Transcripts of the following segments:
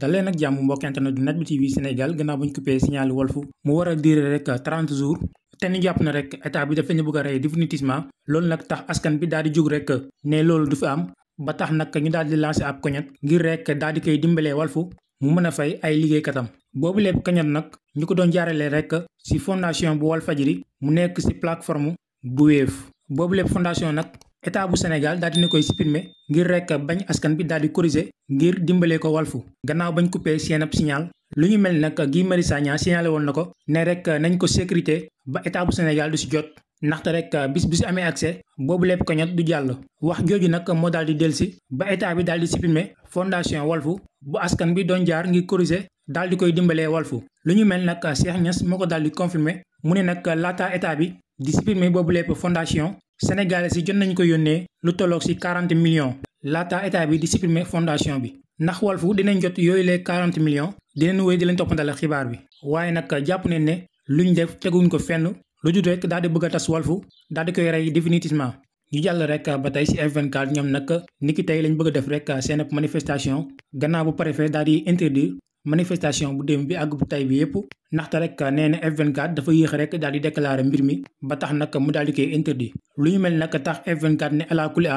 dal leen ak jàmm mbokkent internet du Net Bi TV Sénégal gannaaw ba ñu coupé signal Walfu mu war a diire rek 30 jours te ñu jàpp na rek état bi daf leen bëgg a rey définitivement loolu nag tax askan bi daal di jóg rek ne loolu du fi am ba tax nag ñu daal di lancer ab cagnotte ngir rek daal di koy dimbalee Walfu mu mën a fay ay liggéeykatam boobu lépp cagnotte nag ñu ko doon jaarale rek ci fondation bu Walfadjri mu nekk ci plateforme bu Wave boobu lépp fondation nag. état bu Sénégal daal dina koy supprimer ngir rek bañ askan bi daal di corriger ngir dimbalee ko walfu gannaaw bañ coupé seen ab signal lu ñu mel nag Guy Marius Sagna woon na ko ne rek nañ ko sécurité ba état bu Sénégal du si jot ndaxte rek bis bu si amee accès boobu lépp ko ñot du jàll. wax jooju nag moo daal di dellusi ba état bi daal di supprimer fondation walfu bu askan bi doon jaar ngir corriger daal di koy dimbalee walfu lu ñu mel nag Cheikh Niass moo ko daal di confirmer mu ne nag laata état bi di supprimer boobu lépp fondation. sénégalais yi jot nañu ko yónnee lu tolloog ci 40 millions laata état bi di supprimer fondation bi ndax Walfu dinañ jot yooyu les million millions dinañ wéy di leen toppandale xibaar bi waaye nag jàpp nañ ne lu ñu def teguñu ko fenn lu jut rek daal di bëgg tas Walfu daal koy rey définitivement. ñu jàll rek ba tey ci F24 ñoom nag niki tey lañ bëgg a def rek seen manifestation gannaaw bu préfet daal di interdire manifestation bu démb bi ak bu tey bi yépp ndaxte rek nee na F24 dafa yéex rek daal di déclarer mbir mi ba tax nag mu daal di koy interdit lu ñu mel nag tax F24 ne ala kulli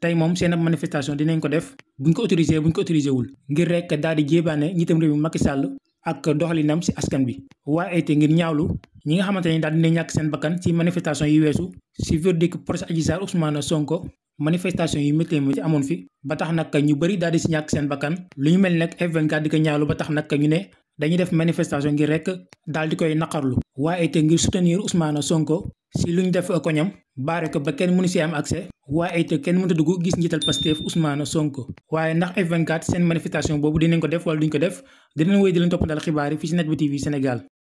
tey moom seen manifestation dinañ ko def buñ ko autorisé buñ ko autorisé wul ngir rek daal di jéebaane njiitam réew mi Macky sàll ak doxalinam si askan bi waaye AIT ngir ñaawlu ñi nga xamante ne daal dina ñàkk seen bakkan ci manifestation yi weesu si verdict procès Adji Sarr Ousmane Sonko manifestation yu métti métti amoon fi ba tax nag ñu bëri daal di si ñàkk seen bakkan lu ñu mel nag f di ko ñaawlu ba tax nag ñu ne dañuy def manifestation ngir rek dal di koy naqarlu waaye te ngir soutenir Ousmane Sonko si ñu def ko ñam baare ko ba kenn mënu si am accès waa te kenn mënta dugg gis njiital Pastef Ousmane Sonko waaye ndax F24 seen manifestation boobu dinañ ko def wala duñ ko def dinañ wéy di leen toppandal xibaar yi fii si Net TV Sénégal